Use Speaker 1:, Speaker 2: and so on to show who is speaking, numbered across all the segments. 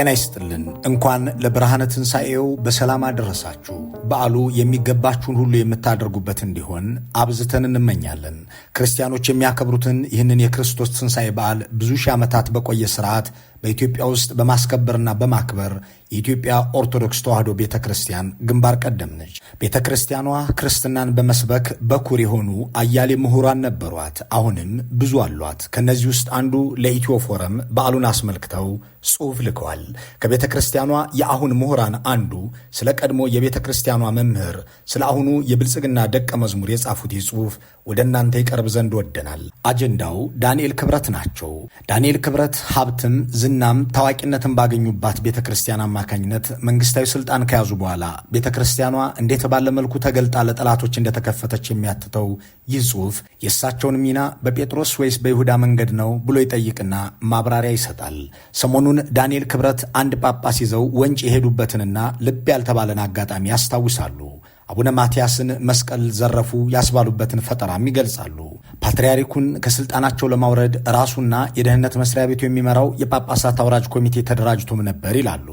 Speaker 1: ጤና ይስጥልን። እንኳን ለብርሃነ ትንሣኤው በሰላም አደረሳችሁ። በዓሉ የሚገባችሁን ሁሉ የምታደርጉበት እንዲሆን አብዝተን እንመኛለን። ክርስቲያኖች የሚያከብሩትን ይህንን የክርስቶስ ትንሣኤ በዓል ብዙ ሺህ ዓመታት በቆየ ስርዓት በኢትዮጵያ ውስጥ በማስከበርና በማክበር የኢትዮጵያ ኦርቶዶክስ ተዋሕዶ ቤተ ክርስቲያን ግንባር ቀደም ነች። ቤተ ክርስቲያኗ ክርስትናን በመስበክ በኩር የሆኑ አያሌ ምሁራን ነበሯት፣ አሁንም ብዙ አሏት። ከእነዚህ ውስጥ አንዱ ለኢትዮ ፎረም በዓሉን አስመልክተው ጽሑፍ ልከዋል። ከቤተ ክርስቲያኗ የአሁን ምሁራን አንዱ ስለ ቀድሞ የቤተ ክርስቲያኗ የአሜሪካኗ መምህር ስለ አሁኑ የብልጽግና ደቀ መዝሙር የጻፉት ይህ ጽሑፍ ወደ እናንተ ይቀርብ ዘንድ ወደናል። አጀንዳው ዳንኤል ክብረት ናቸው። ዳንኤል ክብረት ሀብትም ዝናም ታዋቂነትን ባገኙባት ቤተ ክርስቲያን አማካኝነት መንግስታዊ ስልጣን ከያዙ በኋላ ቤተ ክርስቲያኗ እንዴት ባለ መልኩ ተገልጣ ለጠላቶች እንደተከፈተች የሚያትተው ይህ ጽሑፍ የእሳቸውን ሚና በጴጥሮስ ወይስ በይሁዳ መንገድ ነው ብሎ ይጠይቅና ማብራሪያ ይሰጣል። ሰሞኑን ዳንኤል ክብረት አንድ ጳጳስ ይዘው ወንጭ የሄዱበትንና ልብ ያልተባለን አጋጣሚ ያስታውሳል። ያስታውሳሉ። አቡነ ማትያስን መስቀል ዘረፉ ያስባሉበትን ፈጠራም ይገልጻሉ። ፓትርያርኩን ከስልጣናቸው ለማውረድ ራሱና የደህንነት መስሪያ ቤቱ የሚመራው የጳጳሳት አውራጅ ኮሚቴ ተደራጅቶም ነበር ይላሉ።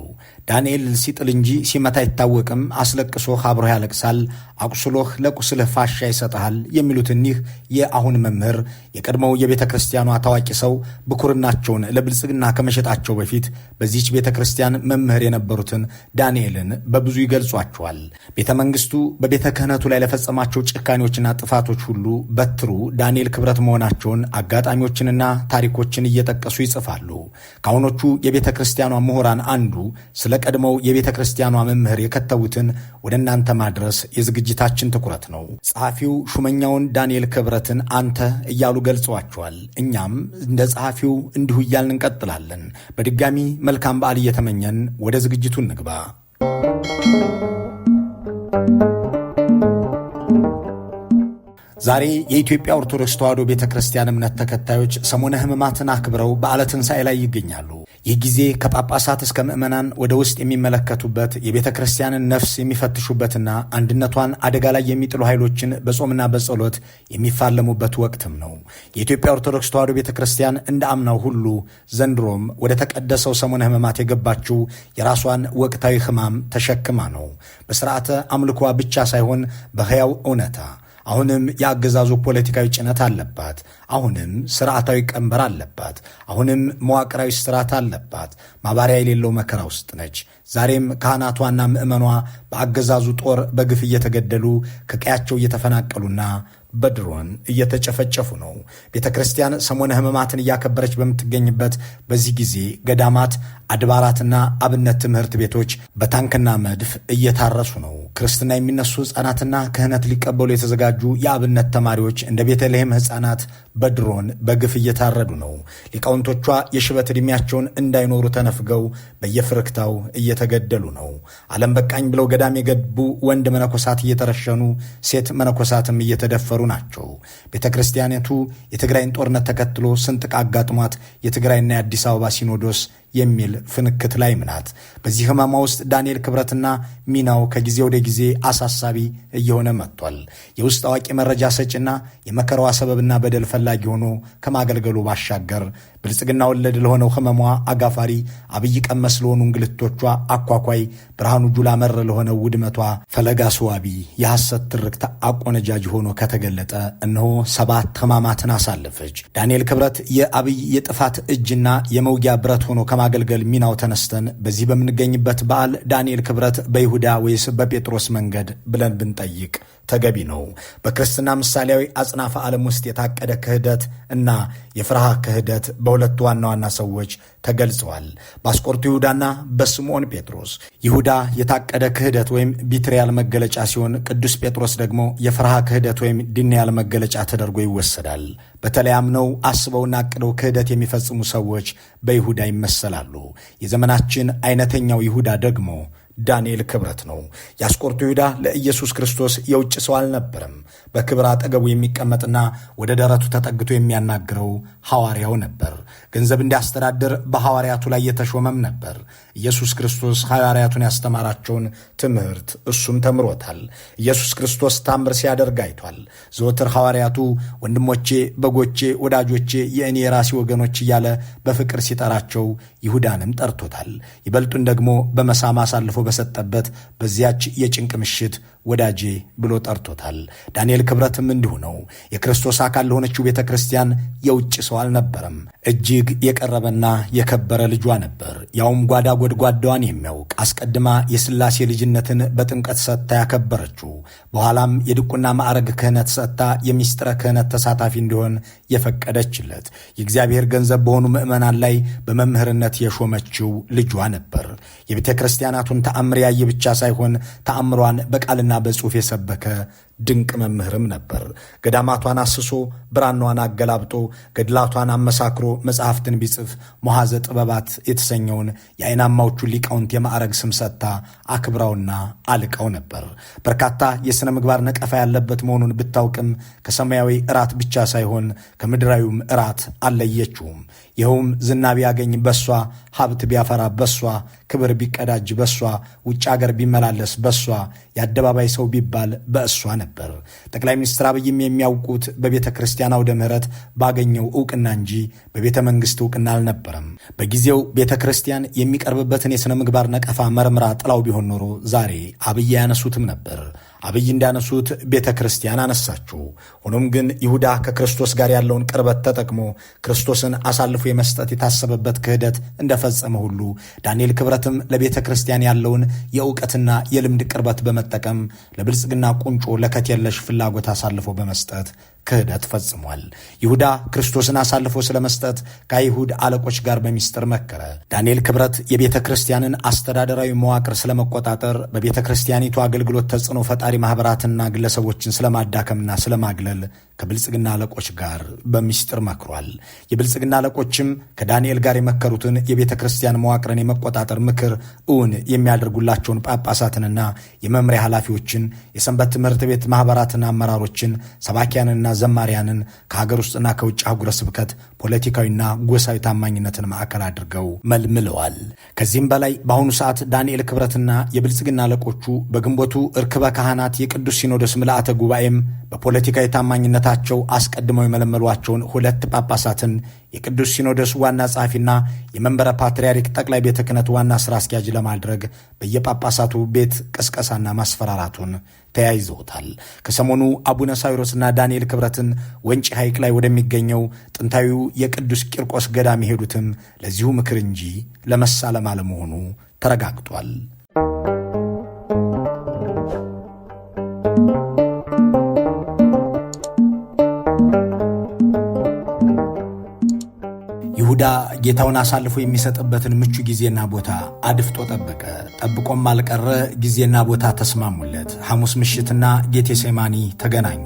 Speaker 1: ዳንኤል ሲጥል እንጂ ሲመታ አይታወቅም፣ አስለቅሶ አብሮህ ያለቅሳል፣ አቁስሎህ ለቁስልህ ፋሻ ይሰጠሃል የሚሉት እኒህ የአሁን መምህር የቀድሞው የቤተ ክርስቲያኗ ታዋቂ ሰው ብኩርናቸውን ለብልጽግና ከመሸጣቸው በፊት በዚች ቤተ ክርስቲያን መምህር የነበሩትን ዳንኤልን በብዙ ይገልጿቸዋል። ቤተ መንግስቱ በቤተ ክህነቱ ላይ ለፈጸማቸው ጭካኔዎችና ጥፋቶች ሁሉ በትሩ ዳንኤል ክብረት መሆናቸውን አጋጣሚዎችንና ታሪኮችን እየጠቀሱ ይጽፋሉ። ከአሁኖቹ የቤተ ክርስቲያኗ ምሁራን አንዱ ስለ ቀድሞው የቤተ ክርስቲያኗ መምህር የከተቡትን ወደ እናንተ ማድረስ የዝግ የድርጅታችን ትኩረት ነው። ጸሐፊው ሹመኛውን ዳንኤል ክብረትን አንተ እያሉ ገልጸዋቸዋል። እኛም እንደ ጸሐፊው እንዲሁ እያልን እንቀጥላለን። በድጋሚ መልካም በዓል እየተመኘን ወደ ዝግጅቱ እንግባ። ዛሬ የኢትዮጵያ ኦርቶዶክስ ተዋሕዶ ቤተ ክርስቲያን እምነት ተከታዮች ሰሞነ ሕማማትን አክብረው በዓለ ትንሣኤ ላይ ይገኛሉ። ይህ ጊዜ ከጳጳሳት እስከ ምዕመናን ወደ ውስጥ የሚመለከቱበት የቤተ ክርስቲያንን ነፍስ የሚፈትሹበትና አንድነቷን አደጋ ላይ የሚጥሉ ኃይሎችን በጾምና በጸሎት የሚፋለሙበት ወቅትም ነው። የኢትዮጵያ ኦርቶዶክስ ተዋሕዶ ቤተ ክርስቲያን እንደ አምናው ሁሉ ዘንድሮም ወደ ተቀደሰው ሰሙነ ሕማማት የገባችው የራሷን ወቅታዊ ሕማም ተሸክማ ነው። በስርዓተ አምልኮዋ ብቻ ሳይሆን በሕያው እውነታ አሁንም የአገዛዙ ፖለቲካዊ ጭነት አለባት። አሁንም ስርዓታዊ ቀንበር አለባት። አሁንም መዋቅራዊ ስርዓት አለባት። ማባሪያ የሌለው መከራ ውስጥ ነች። ዛሬም ካህናቷና ምዕመኗ በአገዛዙ ጦር በግፍ እየተገደሉ ከቀያቸው እየተፈናቀሉና በድሮን እየተጨፈጨፉ ነው። ቤተ ክርስቲያን ሰሞነ ሕማማትን እያከበረች በምትገኝበት በዚህ ጊዜ ገዳማት አድባራትና አብነት ትምህርት ቤቶች በታንክና መድፍ እየታረሱ ነው። ክርስትና የሚነሱ ህጻናትና ክህነት ሊቀበሉ የተዘጋጁ የአብነት ተማሪዎች እንደ ቤተልሔም ህጻናት በድሮን በግፍ እየታረዱ ነው። ሊቃውንቶቿ የሽበት ዕድሜያቸውን እንዳይኖሩ ተነፍገው በየፍርክታው እየተገደሉ ነው። ዓለም በቃኝ ብለው ገዳም የገቡ ወንድ መነኮሳት እየተረሸኑ፣ ሴት መነኮሳትም እየተደፈሩ ናቸው። ቤተ ክርስቲያኒቱ የትግራይን ጦርነት ተከትሎ ስንጥቅ አጋጥሟት የትግራይና የአዲስ አበባ ሲኖዶስ የሚል ፍንክት ላይም ናት። በዚህ ህመማ ውስጥ ዳንኤል ክብረትና ሚናው ከጊዜ ወደ ጊዜ አሳሳቢ እየሆነ መጥቷል። የውስጥ አዋቂ መረጃ ሰጪና የመከራዋ ሰበብና በደል ፈላጊ ሆኖ ከማገልገሉ ባሻገር ብልጽግና ወለድ ለሆነው ህመሟ አጋፋሪ አብይ ቀመስ ለሆኑ እንግልቶቿ አኳኳይ ብርሃኑ ጁላ መር ለሆነው ውድመቷ ፈለጋ ስዋቢ የሐሰት ትርክት አቆነጃጅ ሆኖ ከተገለጠ እነሆ ሰባት ህማማትን አሳለፈች። ዳንኤል ክብረት የአብይ የጥፋት እጅና የመውጊያ ብረት ሆኖ ከማገልገል ሚናው ተነስተን በዚህ በምንገኝበት በዓል ዳንኤል ክብረት በይሁዳ ወይስ በጴጥሮስ መንገድ ብለን ብንጠይቅ ተገቢ ነው። በክርስትና ምሳሌያዊ አጽናፈ ዓለም ውስጥ የታቀደ ክህደት እና የፍርሃ ክህደት በሁለት ዋና ዋና ሰዎች ተገልጸዋል፣ በአስቆርቱ ይሁዳና በስምዖን ጴጥሮስ። ይሁዳ የታቀደ ክህደት ወይም ቢትሪያል መገለጫ ሲሆን፣ ቅዱስ ጴጥሮስ ደግሞ የፍርሃ ክህደት ወይም ድንያል መገለጫ ተደርጎ ይወሰዳል። በተለይ አምነው አስበውና አቅደው ክህደት የሚፈጽሙ ሰዎች በይሁዳ ይመሰላሉ። የዘመናችን አይነተኛው ይሁዳ ደግሞ ዳንኤል ክብረት ነው። የአስቆርቱ ይሁዳ ለኢየሱስ ክርስቶስ የውጭ ሰው አልነበረም። በክብር አጠገቡ የሚቀመጥና ወደ ደረቱ ተጠግቶ የሚያናግረው ሐዋርያው ነበር። ገንዘብ እንዲያስተዳድር በሐዋርያቱ ላይ የተሾመም ነበር። ኢየሱስ ክርስቶስ ሐዋርያቱን ያስተማራቸውን ትምህርት እሱም ተምሮታል። ኢየሱስ ክርስቶስ ታምር ሲያደርግ አይቷል። ዘወትር ሐዋርያቱ ወንድሞቼ፣ በጎቼ፣ ወዳጆቼ፣ የእኔ የራሴ ወገኖች እያለ በፍቅር ሲጠራቸው ይሁዳንም ጠርቶታል። ይበልጡን ደግሞ በመሳም አሳልፎ በሰጠበት በዚያች የጭንቅ ምሽት ወዳጄ ብሎ ጠርቶታል። ዳንኤል ክብረትም እንዲሁ ነው። የክርስቶስ አካል ለሆነችው ቤተ ክርስቲያን የውጭ ሰው አልነበረም። እጅግ የቀረበና የከበረ ልጇ ነበር። ያውም ጓዳ ጎድጓዳዋን የሚያውቅ አስቀድማ የሥላሴ ልጅነትን በጥምቀት ሰጥታ ያከበረችው፣ በኋላም የድቁና ማዕረግ ክህነት ሰጥታ የሚስጥረ ክህነት ተሳታፊ እንዲሆን የፈቀደችለት፣ የእግዚአብሔር ገንዘብ በሆኑ ምዕመናን ላይ በመምህርነት የሾመችው ልጇ ነበር። የቤተ ክርስቲያናቱን ተአምር ያየ ብቻ ሳይሆን ተአምሯን በቃልና በጽሑፍ የሰበከ ድንቅ መምህርም ነበር። ገዳማቷን አስሶ ብራኗን አገላብጦ ገድላቷን አመሳክሮ መጽሐፍትን ቢጽፍ መሐዘ ጥበባት የተሰኘውን የአይናማዎቹን ሊቃውንት የማዕረግ ስም ሰጥታ አክብራውና አልቀው ነበር። በርካታ የሥነ ምግባር ነቀፋ ያለበት መሆኑን ብታውቅም ከሰማያዊ እራት ብቻ ሳይሆን ከምድራዊውም እራት አለየችውም። ይኸውም ዝና ቢያገኝ በሷ፣ ሀብት ቢያፈራ በሷ፣ ክብር ቢቀዳጅ በሷ፣ ውጭ አገር ቢመላለስ በሷ፣ የአደባባይ ሰው ቢባል በእሷ ነበር። ነበር። ጠቅላይ ሚኒስትር አብይም የሚያውቁት በቤተ ክርስቲያን አውደ ምሕረት ባገኘው እውቅና እንጂ በቤተ መንግስት እውቅና አልነበረም። በጊዜው ቤተ ክርስቲያን የሚቀርብበትን የሥነ ምግባር ነቀፋ መርምራ ጥላው ቢሆን ኖሮ ዛሬ አብይ አያነሱትም ነበር። አብይ እንዳነሱት ቤተ ክርስቲያን አነሳችው። ሆኖም ግን ይሁዳ ከክርስቶስ ጋር ያለውን ቅርበት ተጠቅሞ ክርስቶስን አሳልፎ የመስጠት የታሰበበት ክህደት እንደፈጸመ ሁሉ ዳንኤል ክብረትም ለቤተ ክርስቲያን ያለውን የእውቀትና የልምድ ቅርበት በመጠቀም ለብልጽግና ቁንጮ ለከት የለሽ ፍላጎት አሳልፎ በመስጠት ክህደት ፈጽሟል። ይሁዳ ክርስቶስን አሳልፎ ስለመስጠት ከአይሁድ አለቆች ጋር በሚስጥር መከረ። ዳንኤል ክብረት የቤተ ክርስቲያንን አስተዳደራዊ መዋቅር ስለመቆጣጠር፣ በቤተ ክርስቲያኒቱ አገልግሎት ተጽዕኖ ፈጣሪ ማኅበራትና ግለሰቦችን ስለማዳከምና ስለማግለል ከብልጽግና አለቆች ጋር በሚስጥር መክሯል። የብልጽግና አለቆችም ከዳንኤል ጋር የመከሩትን የቤተ ክርስቲያን መዋቅርን የመቆጣጠር ምክር እውን የሚያደርጉላቸውን ጳጳሳትንና የመምሪያ ኃላፊዎችን፣ የሰንበት ትምህርት ቤት ማኅበራትና አመራሮችን፣ ሰባኪያንና ዘማሪያንን ከሀገር ውስጥና ከውጭ አህጉረ ስብከት ፖለቲካዊና ጎሳዊ ታማኝነትን ማዕከል አድርገው መልምለዋል። ከዚህም በላይ በአሁኑ ሰዓት ዳንኤል ክብረትና የብልጽግና አለቆቹ በግንቦቱ እርክበ ካህናት የቅዱስ ሲኖዶስ ምልአተ ጉባኤም በፖለቲካዊ ታማኝነታቸው አስቀድመው የመለመሏቸውን ሁለት ጳጳሳትን የቅዱስ ሲኖዶስ ዋና ጸሐፊና የመንበረ ፓትርያርክ ጠቅላይ ቤተ ክህነት ዋና ስራ አስኪያጅ ለማድረግ በየጳጳሳቱ ቤት ቅስቀሳና ማስፈራራቱን ተያይዘውታል። ከሰሞኑ አቡነ ሳዊሮስና ዳንኤል ክብረትን ወንጪ ሐይቅ ላይ ወደሚገኘው ጥንታዊው የቅዱስ ቂርቆስ ገዳም የሄዱትም ለዚሁ ምክር እንጂ ለመሳለም አለመሆኑ ተረጋግጧል። ጌታውን አሳልፎ የሚሰጥበትን ምቹ ጊዜና ቦታ አድፍጦ ጠበቀ። ጠብቆም አልቀረ፣ ጊዜና ቦታ ተስማሙለት። ሐሙስ ምሽትና ጌቴሴማኒ ተገናኙ፣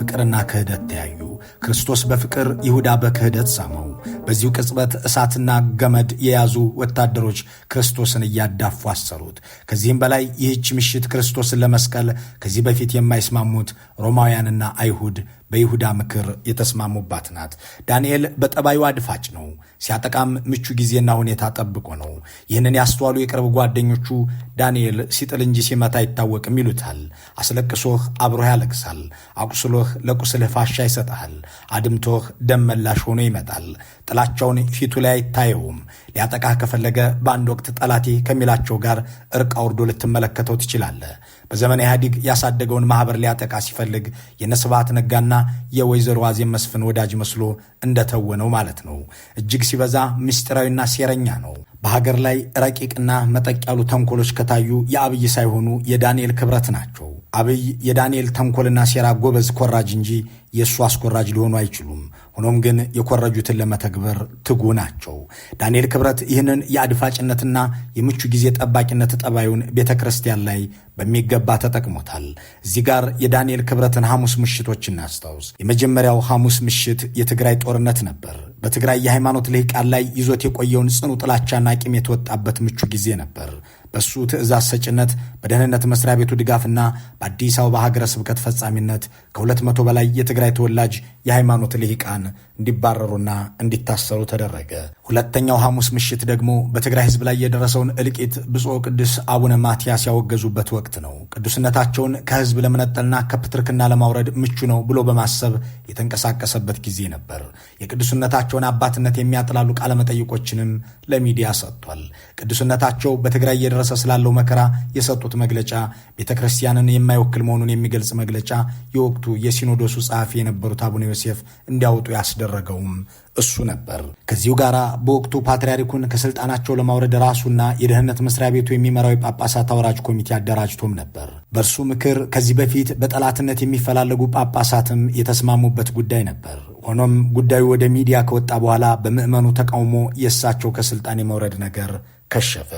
Speaker 1: ፍቅርና ክህደት ተያዩ። ክርስቶስ በፍቅር ይሁዳ በክህደት ሳመው። በዚሁ ቅጽበት እሳትና ገመድ የያዙ ወታደሮች ክርስቶስን እያዳፉ አሰሩት። ከዚህም በላይ ይህች ምሽት ክርስቶስን ለመስቀል ከዚህ በፊት የማይስማሙት ሮማውያንና አይሁድ በይሁዳ ምክር የተስማሙባት ናት። ዳንኤል በጠባዩ አድፋጭ ነው። ሲያጠቃም ምቹ ጊዜና ሁኔታ ጠብቆ ነው። ይህንን ያስተዋሉ የቅርብ ጓደኞቹ ዳንኤል ሲጥል እንጂ ሲመታ አይታወቅም ይሉታል። አስለቅሶህ አብሮህ ያለቅሳል፣ አቁስሎህ ለቁስልህ ፋሻ ይሰጥሃል ይመጣል። አድምቶህ ደመላሽ ሆኖ ይመጣል። ጥላቸውን ፊቱ ላይ አይታየውም። ሊያጠቃህ ከፈለገ በአንድ ወቅት ጠላቴ ከሚላቸው ጋር እርቅ አውርዶ ልትመለከተው ትችላለህ። በዘመነ ኢህአዲግ ያሳደገውን ማህበር ሊያጠቃ ሲፈልግ የነስብሐት ነጋና የወይዘሮ ዋዜ መስፍን ወዳጅ መስሎ እንደተወነው ማለት ነው። እጅግ ሲበዛ ምስጢራዊና ሴረኛ ነው። በሀገር ላይ ረቂቅና መጠቅ ያሉ ተንኮሎች ከታዩ የአብይ ሳይሆኑ የዳንኤል ክብረት ናቸው። አብይ የዳንኤል ተንኮልና ሴራ ጎበዝ ኮራጅ እንጂ የእሱ አስኮራጅ ሊሆኑ አይችሉም። ሆኖም ግን የኮረጁትን ለመተግበር ትጉ ናቸው። ዳንኤል ክብረት ይህንን የአድፋጭነትና የምቹ ጊዜ ጠባቂነት ጠባዩን ቤተ ክርስቲያን ላይ በሚገባ ተጠቅሞታል። እዚህ ጋር የዳንኤል ክብረትን ሐሙስ ምሽቶች እናስታውስ። የመጀመሪያው ሐሙስ ምሽት የትግራይ ጦርነት ነበር። በትግራይ የሃይማኖት ልሂቃን ላይ ይዞት የቆየውን ጽኑ ጥላቻና ቂም የተወጣበት ምቹ ጊዜ ነበር። በእሱ ትእዛዝ ሰጭነት በደህንነት መስሪያ ቤቱ ድጋፍና በአዲስ አበባ ሀገረ ስብከት ፈጻሚነት ከሁለት መቶ በላይ የትግራይ ተወላጅ የሃይማኖት ልሂቃን እንዲባረሩና እንዲታሰሩ ተደረገ። ሁለተኛው ሐሙስ ምሽት ደግሞ በትግራይ ህዝብ ላይ የደረሰውን እልቂት ብፁዕ ቅዱስ አቡነ ማትያስ ያወገዙበት ወቅት ነው። ቅዱስነታቸውን ከህዝብ ለመነጠልና ከፕትርክና ለማውረድ ምቹ ነው ብሎ በማሰብ የተንቀሳቀሰበት ጊዜ ነበር። የቅዱስነታቸውን አባትነት የሚያጥላሉ ቃለመጠይቆችንም ለሚዲያ ሰጥቷል። ቅዱስነታቸው በትግራይ እየደረሰ ስላለው መከራ የሰጡት መግለጫ ቤተ ክርስቲያንን የማይወክል መሆኑን የሚገልጽ መግለጫ የወቅቱ የሲኖዶሱ ጸሐፊ የነበሩት አቡነ ዮሴፍ እንዲያወጡ ያስደ ያደረገውም እሱ ነበር። ከዚሁ ጋር በወቅቱ ፓትርያርኩን ከስልጣናቸው ለማውረድ ራሱና የደህንነት መስሪያ ቤቱ የሚመራው የጳጳሳት አውራጅ ኮሚቴ አደራጅቶም ነበር። በእርሱ ምክር ከዚህ በፊት በጠላትነት የሚፈላለጉ ጳጳሳትም የተስማሙበት ጉዳይ ነበር። ሆኖም ጉዳዩ ወደ ሚዲያ ከወጣ በኋላ በምዕመኑ ተቃውሞ የእሳቸው ከስልጣን የመውረድ ነገር ከሸፈ።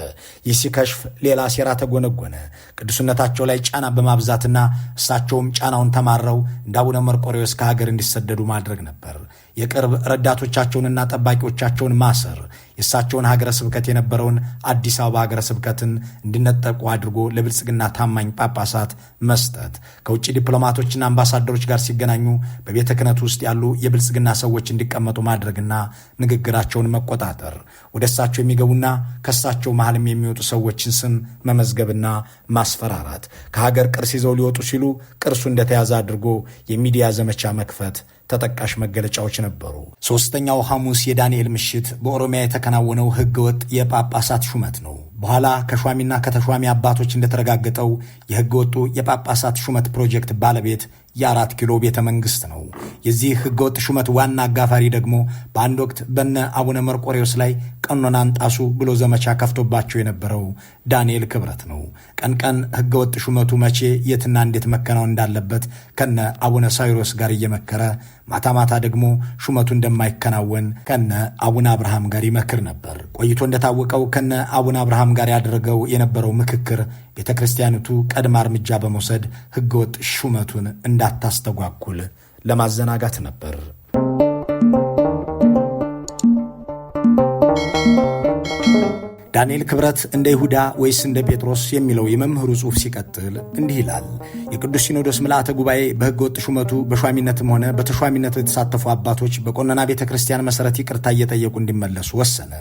Speaker 1: ይህ ሲከሽፍ ሌላ ሴራ ተጎነጎነ። ቅዱስነታቸው ላይ ጫና በማብዛትና እሳቸውም ጫናውን ተማረው እንደ አቡነ መርቆሬዎስ ከሀገር እንዲሰደዱ ማድረግ ነበር። የቅርብ ረዳቶቻቸውንና ጠባቂዎቻቸውን ማሰር የእሳቸውን ሀገረ ስብከት የነበረውን አዲስ አበባ ሀገረ ስብከትን እንዲነጠቁ አድርጎ ለብልጽግና ታማኝ ጳጳሳት መስጠት፣ ከውጭ ዲፕሎማቶችና አምባሳደሮች ጋር ሲገናኙ በቤተ ክህነት ውስጥ ያሉ የብልጽግና ሰዎች እንዲቀመጡ ማድረግና ንግግራቸውን መቆጣጠር፣ ወደ እሳቸው የሚገቡና ከእሳቸው መሃልም የሚወጡ ሰዎችን ስም መመዝገብና ማስፈራራት፣ ከሀገር ቅርስ ይዘው ሊወጡ ሲሉ ቅርሱ እንደተያዘ አድርጎ የሚዲያ ዘመቻ መክፈት ተጠቃሽ መገለጫዎች ነበሩ። ሶስተኛው ሐሙስ የዳንኤል ምሽት በኦሮሚያ የተከ ያከናወነው ህገወጥ የጳጳሳት ሹመት ነው። በኋላ ከሿሚና ከተሿሚ አባቶች እንደተረጋገጠው የህገወጡ የጳጳሳት ሹመት ፕሮጀክት ባለቤት የአራት ኪሎ ቤተ መንግስት ነው። የዚህ ህገወጥ ሹመት ዋና አጋፋሪ ደግሞ በአንድ ወቅት በነ አቡነ መርቆሬዎስ ላይ ቀኖናን ጣሱ ብሎ ዘመቻ ከፍቶባቸው የነበረው ዳንኤል ክብረት ነው። ቀን ቀን ህገወጥ ሹመቱ መቼ የትና እንዴት መከናወን እንዳለበት ከነ አቡነ ሳይሮስ ጋር እየመከረ ማታ ማታ ደግሞ ሹመቱ እንደማይከናወን ከነ አቡነ አብርሃም ጋር ይመክር ነበር። ቆይቶ እንደታወቀው ከነ አቡነ አብርሃም ጋር ያደረገው የነበረው ምክክር ቤተ ክርስቲያኒቱ ቀድማ እርምጃ በመውሰድ ሕገወጥ ሹመቱን እንዳታስተጓጉል ለማዘናጋት ነበር። ዳንኤል ክብረት እንደ ይሁዳ ወይስ እንደ ጴጥሮስ የሚለው የመምህሩ ጽሑፍ ሲቀጥል እንዲህ ይላል። የቅዱስ ሲኖዶስ ምልአተ ጉባኤ በሕገ ወጥ ሹመቱ በሿሚነትም ሆነ በተሿሚነት የተሳተፉ አባቶች በቆነና ቤተ ክርስቲያን መሠረት ይቅርታ እየጠየቁ እንዲመለሱ ወሰነ።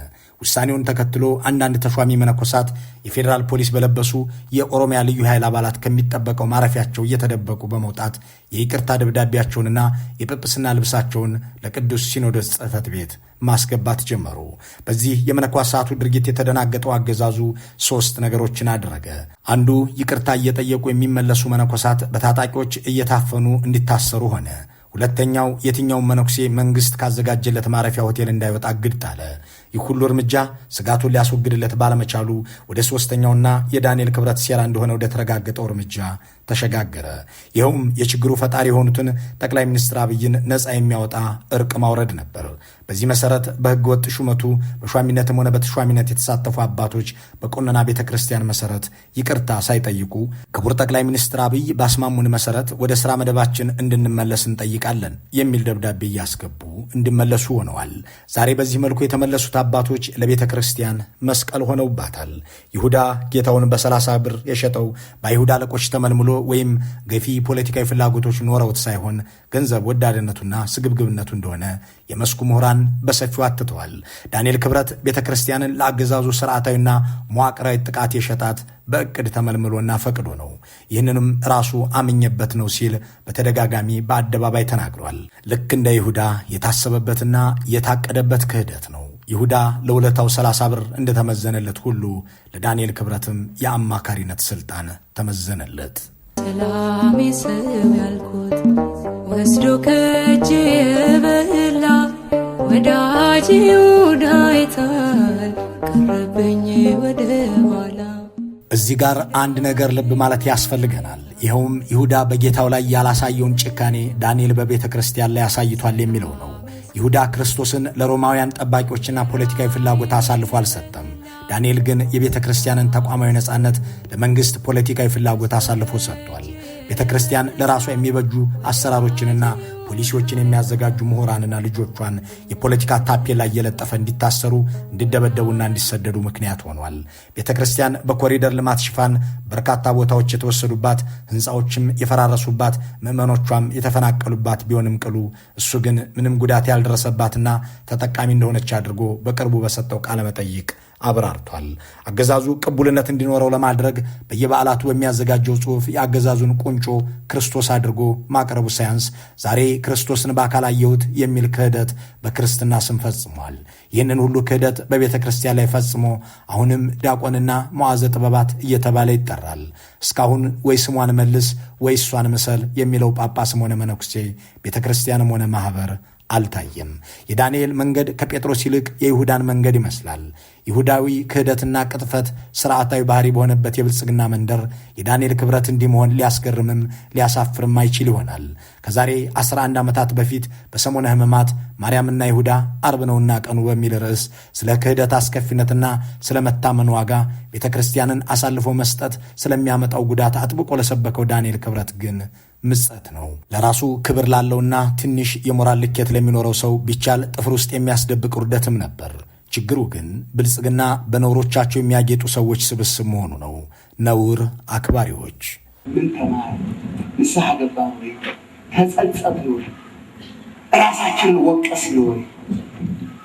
Speaker 1: ውሳኔውን ተከትሎ አንዳንድ ተሿሚ መነኮሳት የፌዴራል ፖሊስ በለበሱ የኦሮሚያ ልዩ ኃይል አባላት ከሚጠበቀው ማረፊያቸው እየተደበቁ በመውጣት የይቅርታ ደብዳቤያቸውንና የጵጵስና ልብሳቸውን ለቅዱስ ሲኖዶስ ጽሕፈት ቤት ማስገባት ጀመሩ። በዚህ የመነኮሳቱ ድርጊት የተደናገጠው አገዛዙ ሶስት ነገሮችን አደረገ። አንዱ ይቅርታ እየጠየቁ የሚመለሱ መነኮሳት በታጣቂዎች እየታፈኑ እንዲታሰሩ ሆነ። ሁለተኛው የትኛውን መነኩሴ መንግስት ካዘጋጀለት ማረፊያ ሆቴል እንዳይወጣ ግድ ጣለ። ይህ ሁሉ እርምጃ ስጋቱን ሊያስወግድለት ባለመቻሉ ወደ ሶስተኛውና የዳንኤል ክብረት ሴራ እንደሆነ ወደ ተረጋገጠው እርምጃ ተሸጋገረ። ይኸውም የችግሩ ፈጣሪ የሆኑትን ጠቅላይ ሚኒስትር አብይን ነፃ የሚያወጣ እርቅ ማውረድ ነበር። በዚህ መሰረት በሕገ ወጥ ሹመቱ በሿሚነትም ሆነ በተሿሚነት የተሳተፉ አባቶች በቆነና ቤተ ክርስቲያን መሰረት ይቅርታ ሳይጠይቁ ክቡር ጠቅላይ ሚኒስትር አብይ ባስማሙን መሰረት ወደ ስራ መደባችን እንድንመለስ እንጠይቃለን የሚል ደብዳቤ እያስገቡ እንዲመለሱ ሆነዋል። ዛሬ በዚህ መልኩ የተመለሱት አባቶች ለቤተ ክርስቲያን መስቀል ሆነውባታል። ይሁዳ ጌታውን በሰላሳ ብር የሸጠው በአይሁድ አለቆች ተመልምሎ ወይም ገፊ ፖለቲካዊ ፍላጎቶች ኖረውት ሳይሆን ገንዘብ ወዳድነቱና ስግብግብነቱ እንደሆነ የመስኩ ምሁራን በሰፊው አትተዋል። ዳንኤል ክብረት ቤተ ክርስቲያንን ለአገዛዙ ስርዓታዊና መዋቅራዊ ጥቃት የሸጣት በእቅድ ተመልምሎና ፈቅዶ ነው። ይህንንም ራሱ አምኜበት ነው ሲል በተደጋጋሚ በአደባባይ ተናግሯል። ልክ እንደ ይሁዳ የታሰበበትና የታቀደበት ክህደት ነው። ይሁዳ ለውለታው ሰላሳ ብር እንደተመዘነለት ሁሉ ለዳንኤል ክብረትም የአማካሪነት ስልጣን ተመዘነለት። ሰላም ስም ያልኩት ወስዶ ከእጄ የበላ ወዳጅ ይሁዳ አይታል ቀረበኝ ወደ ኋላ። እዚህ ጋር አንድ ነገር ልብ ማለት ያስፈልገናል። ይኸውም ይሁዳ በጌታው ላይ ያላሳየውን ጭካኔ ዳንኤል በቤተ ክርስቲያን ላይ አሳይቷል የሚለው ነው። ይሁዳ ክርስቶስን ለሮማውያን ጠባቂዎችና ፖለቲካዊ ፍላጎት አሳልፎ አልሰጠም። ዳንኤል ግን የቤተ ክርስቲያንን ተቋማዊ ነፃነት ለመንግሥት ፖለቲካዊ ፍላጎት አሳልፎ ሰጥቷል። ቤተ ክርስቲያን ለራሷ የሚበጁ አሰራሮችንና ፖሊሲዎችን የሚያዘጋጁ ምሁራንና ልጆቿን የፖለቲካ ታፔላ እየለጠፈ እንዲታሰሩ እንዲደበደቡና እንዲሰደዱ ምክንያት ሆኗል። ቤተ ክርስቲያን በኮሪደር ልማት ሽፋን በርካታ ቦታዎች የተወሰዱባት፣ ህንፃዎችም የፈራረሱባት፣ ምዕመኖቿም የተፈናቀሉባት ቢሆንም ቅሉ እሱ ግን ምንም ጉዳት ያልደረሰባትና ተጠቃሚ እንደሆነች አድርጎ በቅርቡ በሰጠው ቃለመጠይቅ አብራርቷል። አገዛዙ ቅቡልነት እንዲኖረው ለማድረግ በየበዓላቱ በሚያዘጋጀው ጽሑፍ የአገዛዙን ቁንጮ ክርስቶስ አድርጎ ማቅረቡ ሳያንስ ዛሬ ክርስቶስን በአካል አየሁት የሚል ክህደት በክርስትና ስም ፈጽሟል። ይህንን ሁሉ ክህደት በቤተ ክርስቲያን ላይ ፈጽሞ አሁንም ዲያቆንና መዋዘ ጥበባት እየተባለ ይጠራል። እስካሁን ወይ ስሟን መልስ ወይ እሷን ምሰል የሚለው ጳጳስም ሆነ መነኩሴ ቤተ ክርስቲያንም ሆነ ማኅበር አልታየም። የዳንኤል መንገድ ከጴጥሮስ ይልቅ የይሁዳን መንገድ ይመስላል። ይሁዳዊ ክህደትና ቅጥፈት ስርዓታዊ ባህሪ በሆነበት የብልጽግና መንደር የዳንኤል ክብረት እንዲህ መሆን ሊያስገርምም ሊያሳፍርም አይችል ይሆናል። ከዛሬ 11 ዓመታት በፊት በሰሞነ ሕማማት ማርያምና ይሁዳ አርብ ነውና ቀኑ በሚል ርዕስ ስለ ክህደት አስከፊነትና ስለ መታመን ዋጋ ቤተ ክርስቲያንን አሳልፎ መስጠት ስለሚያመጣው ጉዳት አጥብቆ ለሰበከው ዳንኤል ክብረት ግን ምጸት ነው። ለራሱ ክብር ላለውና ትንሽ የሞራል ልኬት ለሚኖረው ሰው ቢቻል ጥፍር ውስጥ የሚያስደብቅ ውርደትም ነበር። ችግሩ ግን ብልጽግና በነውሮቻቸው የሚያጌጡ ሰዎች ስብስብ መሆኑ ነው። ነውር አክባሪዎች ምን ተማር ንስሐ ገባ ወይ ወይ ራሳችንን ወቀስ ወይ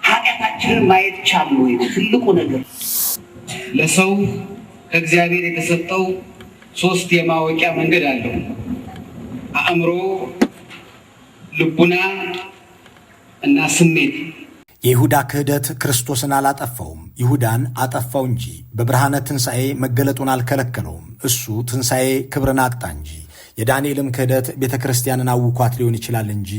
Speaker 1: ኃጢአታችንን ማየት ቻል ወይ ትልቁ ነገር ለሰው ከእግዚአብሔር የተሰጠው ሶስት የማወቂያ መንገድ አለው። አእምሮ፣ ልቡና እና ስሜት የይሁዳ ክህደት ክርስቶስን አላጠፋውም፣ ይሁዳን አጠፋው እንጂ። በብርሃነ ትንሣኤ መገለጡን አልከለከለውም፣ እሱ ትንሣኤ ክብርን አጣ እንጂ። የዳንኤልም ክህደት ቤተ ክርስቲያንን አውኳት ሊሆን ይችላል እንጂ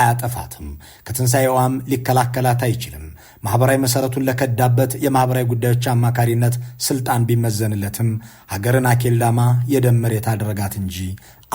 Speaker 1: አያጠፋትም። ከትንሣኤዋም ሊከላከላት አይችልም። ማኅበራዊ መሠረቱን ለከዳበት የማኅበራዊ ጉዳዮች አማካሪነት ሥልጣን ቢመዘንለትም ሀገርን አኬልዳማ የደም መሬት አደረጋት እንጂ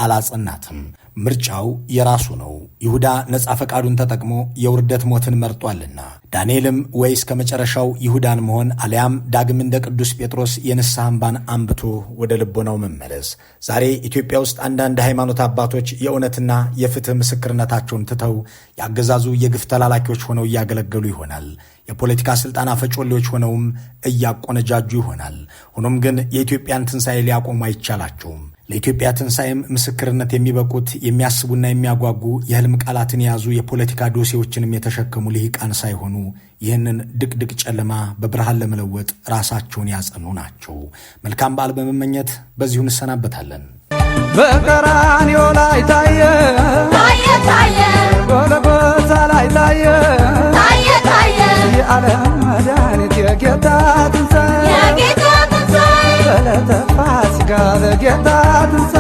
Speaker 1: አላጸናትም። ምርጫው የራሱ ነው። ይሁዳ ነጻ ፈቃዱን ተጠቅሞ የውርደት ሞትን መርጧልና ዳንኤልም ወይስ ከመጨረሻው ይሁዳን መሆን አሊያም ዳግም እንደ ቅዱስ ጴጥሮስ የንስሐ እንባን አንብቶ ወደ ልቦናው መመለስ። ዛሬ ኢትዮጵያ ውስጥ አንዳንድ ሃይማኖት አባቶች የእውነትና የፍትህ ምስክርነታቸውን ትተው የአገዛዙ የግፍ ተላላኪዎች ሆነው እያገለገሉ ይሆናል። የፖለቲካ ስልጣን አፈጮሌዎች ሆነውም እያቆነጃጁ ይሆናል። ሆኖም ግን የኢትዮጵያን ትንሣኤ ሊያቆሙ አይቻላቸውም። ለኢትዮጵያ ትንሣኤም ምስክርነት የሚበቁት የሚያስቡና የሚያጓጉ የህልም ቃላትን የያዙ የፖለቲካ ዶሴዎችንም የተሸከሙ ልሂቃን ሳይሆኑ ይህንን ድቅድቅ ጨለማ በብርሃን ለመለወጥ ራሳቸውን ያጸኑ ናቸው። መልካም በዓል በመመኘት በዚሁ እንሰናበታለን። በቀራንዮ ላይ ታየ ታየ ጎልጎታ ላይ ታየ ታየ ታየ የዓለም መድኃኒት የጌታ ትንሣኤ የጌታ ትንሣኤ ஆகாத கேந்தாது